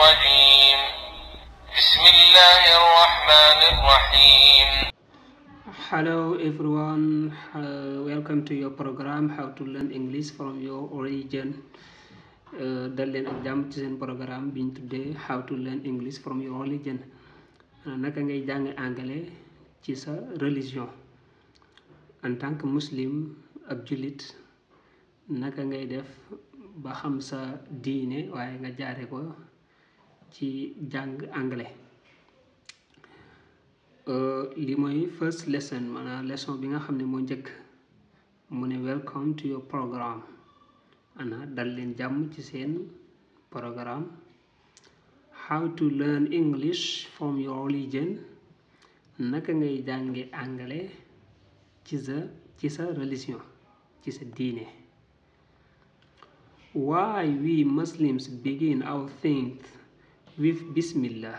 الرجيم بسم الله الرحمن الرحيم Hello everyone, uh, welcome to your program How to Learn English from Your Origin uh, dal leen programme biñ today, How to Learn English from Your Origin uh, naka ngay jàng anglais ci sa religion en tant que muslim Abdulit. jullit def bahamsa xam sa diine waaye nga ko ci jàng anglais euh, li mooy first lesson maanaam leçon bi nga xam ne moo njëkk mu ne welcome to your programme ana dal leen jàmm ci seen programme how to learn English from your religion naka ngay jànge anglais ci sa ci sa religion ci sa diine why we Muslims begin our faith with Bismillah.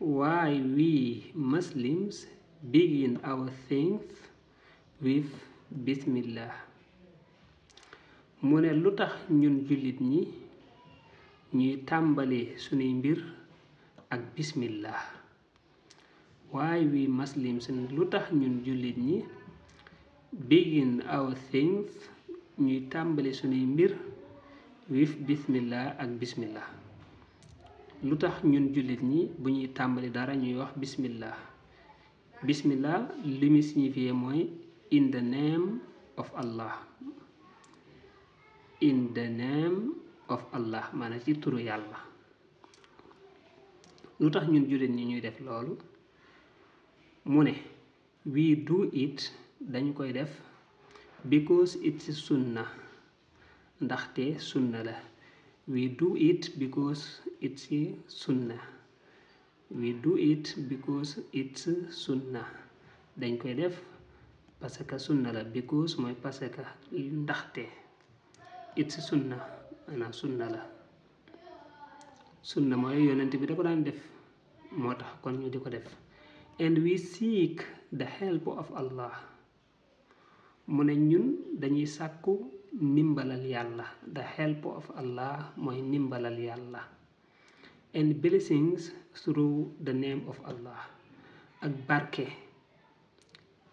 Why we Muslims begin our things with Bismillah. mu ne lu tax ñun jullit ñi ñuy tàmbali sunuy mbir ak bismillah why we Muslims lu tax ñun jullit ñi begin our things ñuy tàmbali sunuy mbir with bismillah ak bismillah lu tax ñun jullit ñi bu ñuy tàmbali dara ñuy wax bismillah bismillah li muy signifié mooy in the name of Allah in the name of Allah maanaam ci turu yàlla lu tax ñun jullit ñi ñuy def loolu mu ne we do it dañu koy def because it's sunna ndaxte sunna la we do it because it's a sunnah we do it because it's sunnah dañ koy def parce que sunnah la because moy parce que ndaxte it's sunnah. ana sunnah la Sunnah moy yonent bi da ko def motax kon ñu diko def and we seek the help of Allah mune ñun dañuy sakku ndimbalal yàlla the help of Allah mooy ndimbalal yàlla and blessings through the name of Allah ak barke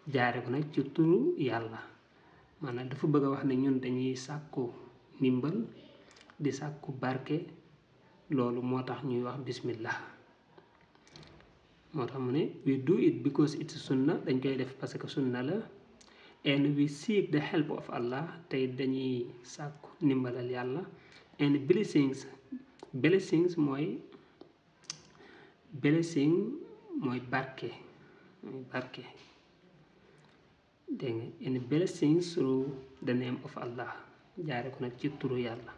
jaare ko nag ci turu yàlla maanaam dafa bëgg a wax ne ñun dañuy sàkku ndimbal di sàkku barke loolu moo tax ñuy wax bismillah moo tax mu ne we do it because it's sunna dañ koy def parce que sunna la n we seek the help of Allah tey dañuy sàkku ndimbalal yàlla and blessings blessings mooy blessing mooy barke mooy barke dégg nga and blessings through the name of Allah jaare ko nag ci turu yàlla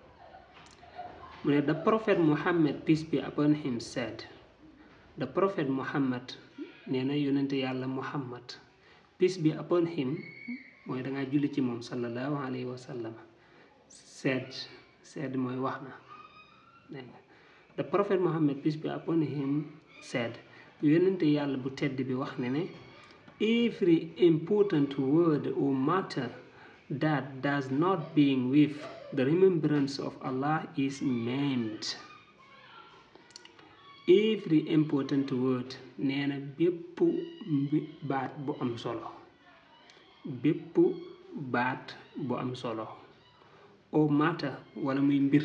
mu ne the prophet Muhammad peace be upon him said the prophet Muhammad nee na yàlla Muhammad peace be upon him mooy da ngaa julli ci moom sallallahu alayhi wa sallam said sedd mooy wax na the prophet Muhammad peace be upon him said yonente yàlla bu tedd bi wax ne ne every important word or matter that does not being with the remembrance of Allah is meant every important word nee na bépp baat bu am solo bépp baat bu am solo au matter wala muy mbir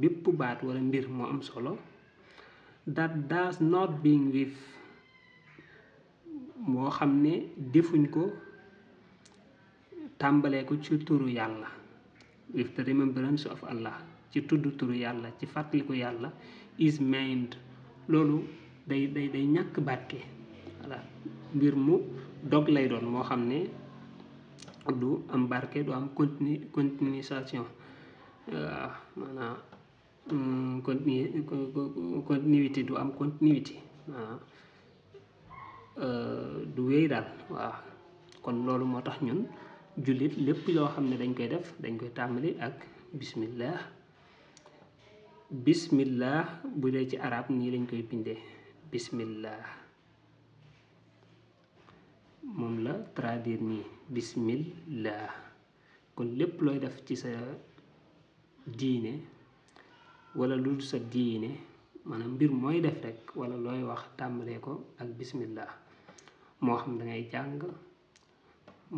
bépp baat wala mbir mu am solo that does not being with moo xam ne defuñ ko tàmbalee ko ci turu yàlla with the remembrance of Allah ci tudd turu yàlla ci fàttaliku yàlla is mind loolu day day day ñàkk barke voilà mbir mu dog lay doon moo xam ne du am barke du am continu continuation waaw maanaam mm, du am continuité euh, du wéy daal waaw kon loolu moo tax ñun jullit lépp loo xam ne dañ koy def dañ koy tàmbali ak bismillah bismillah bu ci arab ni lañ koy bindé bismillah mom la traduire ni bismillah kon lepp loy def ci sa diine wala lu sa diine manam bir moy def rek wala loy wax tambalé ko ak bismillah mo xam da ngay jang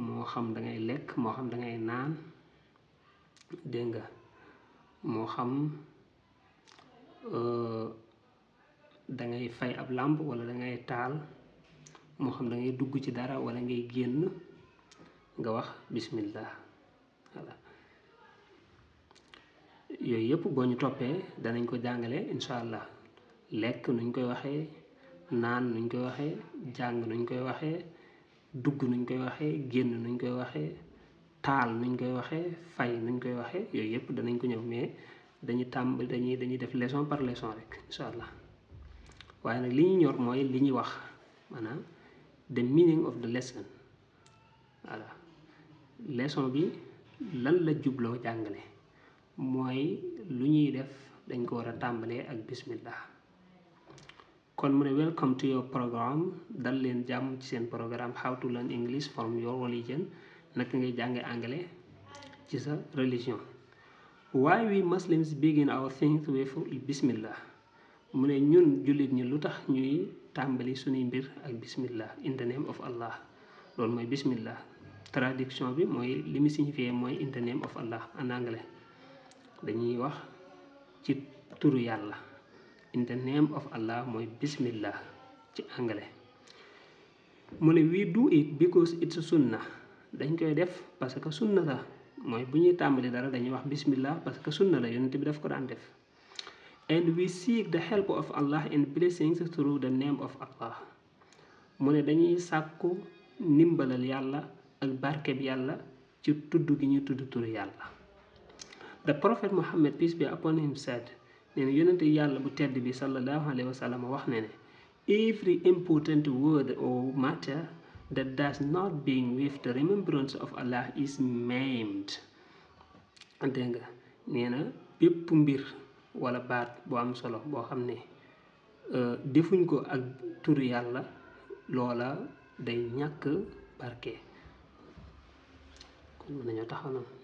mo xam da ngay lek mo xam da ngay naan denga mo xam da ngay fay ab làmp wala dangay taal moo xam da dugg ci dara wala ngay génn nga wax bismillah voilà yooyu yëpp boo ñu toppee danañ ko jàngale incha allah lekk nuñ koy waxee naan nuñ koy waxee jàng nuñ koy waxee dugg nuñ koy waxee génn nuñ koy waxee taal nuñ koy waxee fay nuñ koy waxee yooyu yëpp danañ ko ñëw mais dañu tàmbali dañuy dañuy def leçon par leçon rek incha allah waaye nag li ñu ñor mooy li ñuy wax maanaam the meaning of the lesson voilà bi lan la jubloo jàngale mooy lu ñuy def dañ ko war a tàmbalee ak bismillah kon mu ne welcome to your programme dal leen jàmm ci seen programme how to learn English from your religion naka ngay jànge anglais ci sa religion why wi Muslims begin our things with bismillah mu ne ñun jullit ñi lu tax ñuy tàmbali suñuy mbir ak bismillah in the name of Allah loolu mooy bismillah tradition bi mooy li mu signifié mooy in the name of Allah en anglais dañuy wax ci turu yàlla in the name of Allah mooy bismillah ci anglais mu ne we do it because it's sunna dañ koy def parce que sunna la mooy bu ñuy tàmbali dara dañuy wax bismillah parce que sunna la yonent bi daf ko daan def and we seek the help of allah in blessings through the name of allah mu ne dañuy sàkku nimbalal yàlla ak barkeb yàlla ci tudd gi ñu tudd turu yàlla the prophet muhammad peace be upon him said nee na yonent yàlla bu tedd bi sallallahu alayhi wa sallam wax ne ne every important word or matter that does not being with the remembrance of Allah is maimed dégg nga nee na bépp mbir walla baat bu am solo boo xam ne euh, defuñ ko ak tur yàlla loola day ñàkk barke kon mën